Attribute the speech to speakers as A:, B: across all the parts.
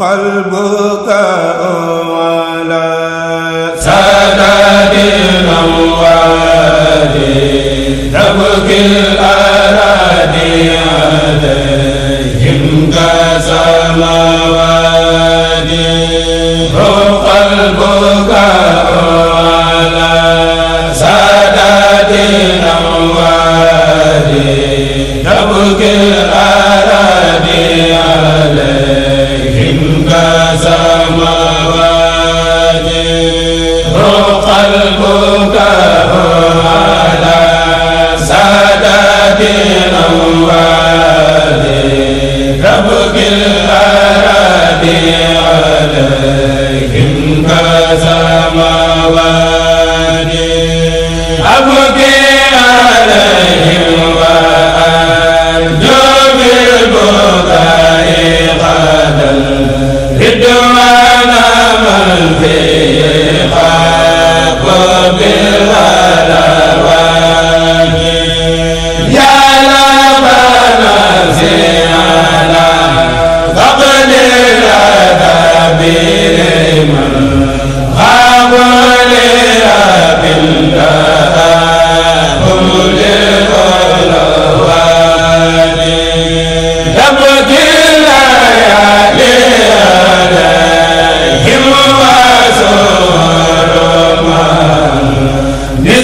A: qalbuka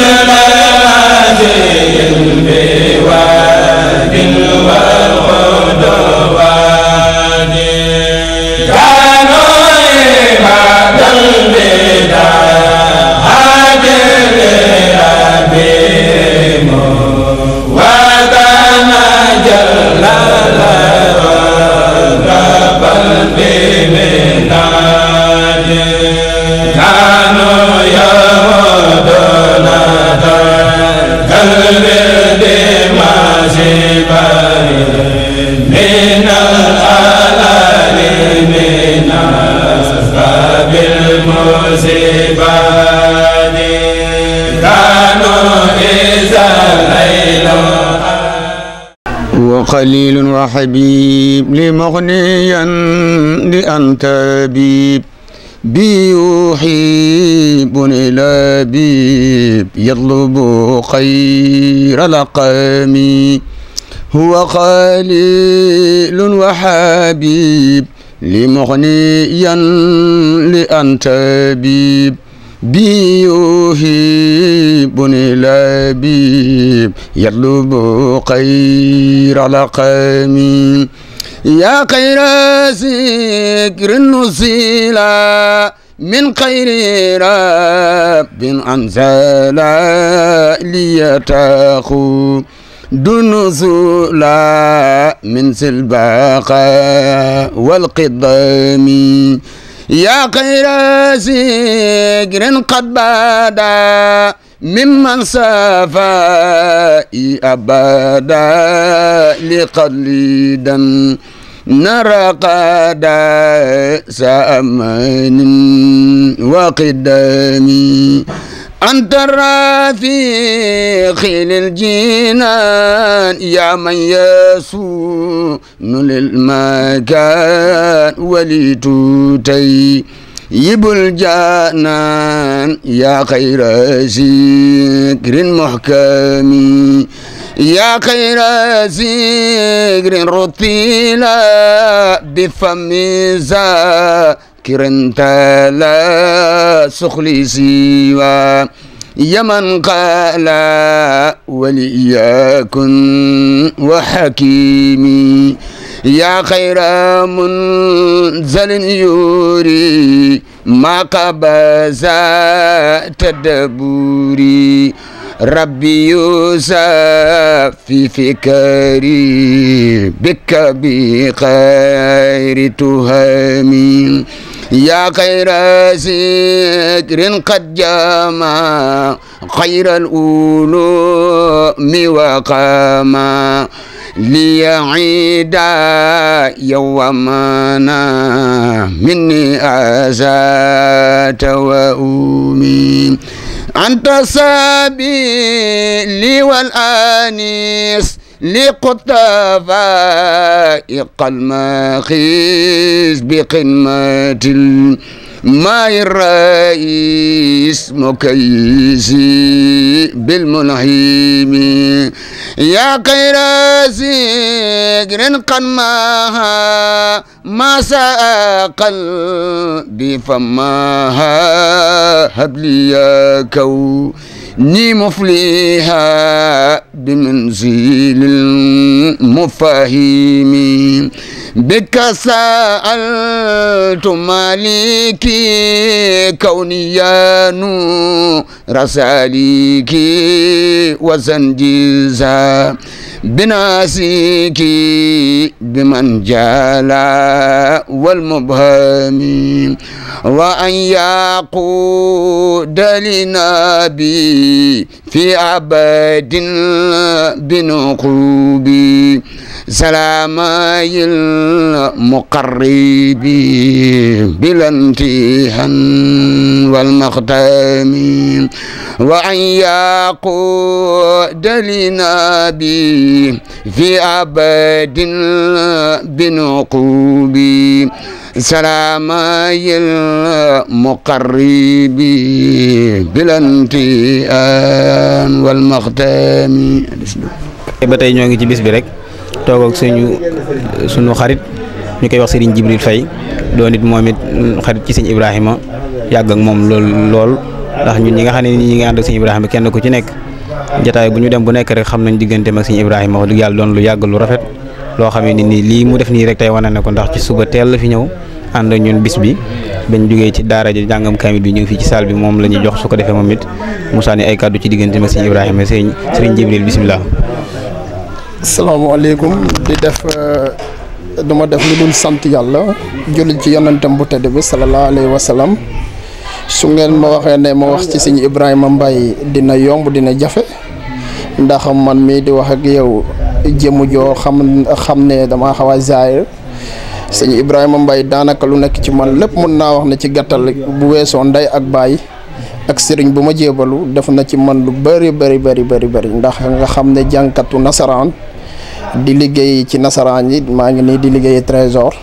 A: salaam وخليل وحبيب لمغنيا لأنت بيب بيوحيب إلى بيب يطلب خير لقامي هو خليل وحبيب لمغنيا لأنت بيب بيوهيب لبيب يطلب خير لقم يا خير ذكر نزيلا من خير رب أنزل ليتاخو دنزولا من سلباقا والقدام يا خير ذكر قد بدا ممن صفائي أبدا لقليدا نرى قد سأمن وقدامي أنت الرفيق للجنان يا من يسون للمكان ولتتي yibul janaan yaa xayra zikrin muhkami yaa xayra zikrin rutila bi famisa ذاكرا تالا سخلي سوى يمن قال وليكن وحكيمي يا خير منزل يوري ما قبز تدبوري ربي يوسف في فكري بك بخير تهامين يا خير ذكر قد جمع خير الأولوم وقاما ليعيد يومنا مني أزات وأومي أنت سبيلي والأنيس لقطفائق المخيس بقمة الماء الرئيس مكيسي بالملهيم يا خير ذكر قد ماها ما ساق القلب فماها هب لي يا كون ni mufliha bimanzilil mufahimi بك سألت مالكي كونيا نور سالكي وزنجيزا بناسيكي بمن جالا والمبهم وأن يقود لنا بي في عبد بنقوبي سلامي المقرب بلا امتحان والمختام وأن يقود لنا بي في أبد بنقوبي سلامي المقرب بلا امتحان والمختام ba tey
B: ñoo ngi ci bis bi rek toog ak sunu suñu xarit ñu koy wax Serigne Jibril Faye doon it moom it xarit ci sëñ Ibrahima yàgg ak moom lool lool ndax ñun ñi nga xam ne ñi ngi ànd ak sëñ Ibrahima kenn ku ci nekk jataay bu ñu dem bu nekk rek xam nañ digganteem ak sëñ Ibrahima wax dëgg yàlla doon lu yàgg lu rafet loo xam ne nii lii mu def nii rek wane na ndax ci suba teel la fi ñëw ànd ak ñun bis bi bañ ci daara ji jàngam bi ñu ngi fii ci bi moom la ñuy jox ko defee moom it mu sànni kàddu ci digganteem ak sëñ Ibrahima sëñ Sëriñ Jibril bisimilah
C: salaamaaleykum di def euh, du ma def lu dul sant yàlla jullit ci yonentam bu tedd bi salallaahu alayhi su ngeen ma waxee ne ma wax ci sëñ Ibrahima mbay dina yomb dina jafe ndax man mii di wax ak yow jëmu joo xam xam ne dama xaw a zaayir sëñ Ibrahima mbay daanaka lu nekk ci man lépp mun naa wax ne ci gàttal bu weesoo ndey ak baay. ak sëriñ bu ma jébalu def na ci man lu bëri bari bari bëri bëri ndax nga xam ne jànkatu nasaraan di liggéey ci nasaraan yi maa ngi nii di liggéey trésor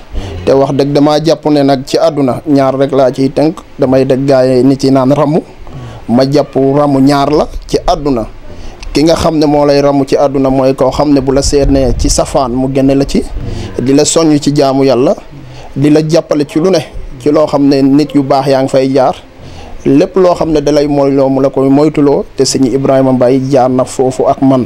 C: te wax dëgg damaa jàpp ne nag ci àdduna ñaar rek laa ciy tënk damay dëgg gaay nit yi naan ramu ma jàpp ramu ñaar la ci àdduna ki nga xam ne moo lay ramu ci àdduna mooy koo xam ne bu la seenee ci safaan mu génne la ci di la soññ ci jaamu yàlla di la jàppale ci lu ne ci loo xam ne nit yu baax yaa ngi fay jaar lépp loo xam ne dalay mooy loo mu la ko moytuloo te sëñ Ibrahima Mbaye jaar na foofu ak man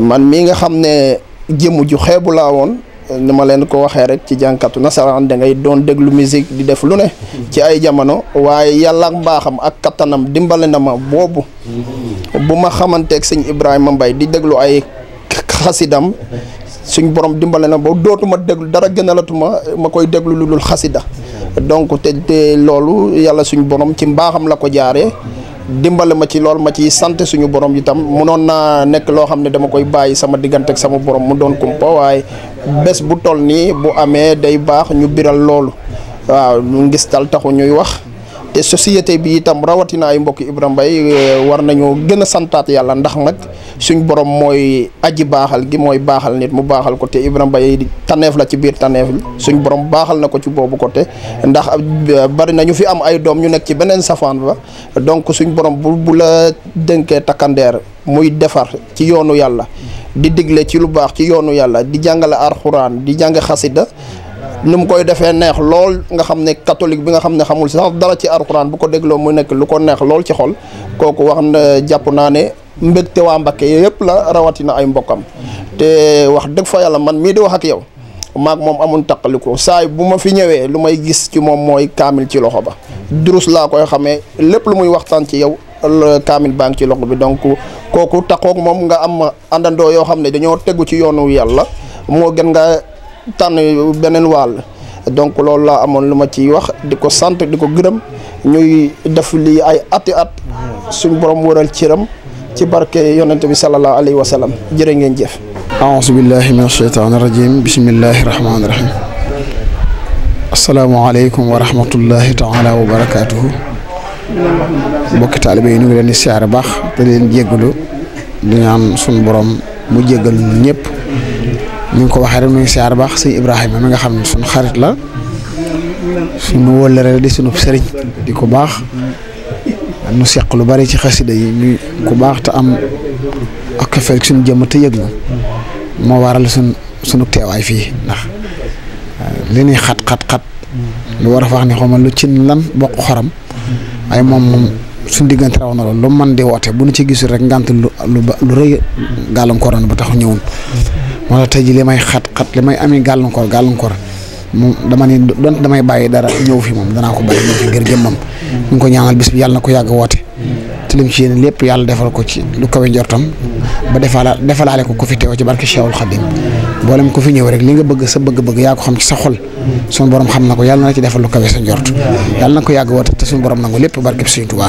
C: man mii nga xam ne jëmu ju xeebu laa woon ni ma leen ko waxee rek ci jànkatu nasaraan dangay doon déglu musique di def lu ne ci ay jamono waaye yàlla ak mbaaxam ak kattanam dimbale na ma boobu bu ma xamanteek sëñ Ibrahima mbay di déglu ay xasidam suñ borom dimbale na ba dootuma déglu dara gënalatuma ma koy déglu lu dul xasida donc te te loolu yàlla suñu borom ci mbaaxam la ko jaare dimbali ma ci lool ma ciy sant suñu borom itam munoon naa nekk loo xam ne dama koy bàyyi sama diggante ak sama borom mu doon kumpa waaye bés bu toll nii bu amee day baax ñu biral loolu waaw ngistal taxu ñuy wax te société bi itam rawatina ay mbokk Ibrahima Mbaye eh, war nañoo gën a santaat yàlla ndax mag suñ borom mooy aji baaxal gi mooy baaxal nit mu baaxal ko te Ibrahima Mbaye taneef la ci biir taneef li suñ borom baaxal na ko ci boobu côté ndax eh, bari na ñu fi am ay doom ñu nekk ci beneen safaan ba donc suñ borom bu bu la dënkee takkandeer muy defar ci yoonu yàlla di digle ci lu baax ci yoonu yàlla di jàngale alxuraan di jàng xasida nu mu koy defee neex lool nga xam ne catholique bi nga xam ne xamul sax dara ci alxuraan bu ko dégloo mu nekk lu ko neex lool ci xol kooku wax na jàpp naa ne mbégte waa Mbakke yëpp la rawatina ay mbokkam te wax dëgg fa yàlla man mii di wax ak yow maag moom amul taqaliku saay bu ma fi ñëwee lu may gis ci moom mooy kaamil ci loxo ba durus laa koy xamee lépp lu muy waxtaan ci yow kaamil baa ngi ci loxo bi donc kooku taxoog moom nga am àndandoo yoo xam ne dañoo tegu ci yoonu yàlla tànn beneen wàll donc loolu laa amoon lu ma ciy wax di ko sant di ko gërëm ñuy def lii ay ati at suñ borom wëral ciram ci barke yonente bi sallallahu alayhi wa sallam jërë ngeen jëf
B: aousu billahi min asheytaani rajim bismillahi rahmaani rahim wa barakaatuhu mbokki taalibe yi ñu ngi leen di siyaare baax te leen jéggalu di ñaan suñu borom mu jéggal ñëpp ni ngi ko waxee rek ñu ngi siyaar baax mi nga xam ne suñu xarit la suñu wëllëre di suñu sëriñ di ko baax nu seq lu bari ci xasida yi ñu ku baax te am ak fekk suñu jëmm te yëg na moo waral suñ suñu teewaay fii ndax eh, li ñuy xat xat lu war a wax ne xawma lu cin lan bokk xoram ay moom moom suñ diggante raw na loolu lu man di woote bu nu ci gisul rek ngànt lu lu rëy gàllankooroon bu tax ñëwul moo tax tey ji li may xat-xat li may amee gàllankoor gàllankoor moom dama ne donte damay bàyyi dara ñëw fi moom danaa ko bàyyi ñëw fi ngir jëmmam ñu ngi ko ñaanal bis bi yàlla na ko yàgg woote te lim ci yéen lépp yàlla defal ko ci lu kawe njortam ba defala defalaale ko ku fi teew ci barke Cheikhul Khadim mboolem ku fi ñëw rek li nga bëgg sa bëgg-bëgg yaa xam ci sa xol suñu borom xam na ko yàlla na ci defal lu kawe sa njort yàlla na ko yàgg woote te suñu borom nangu lépp barke bi Sëriñ Tuubaa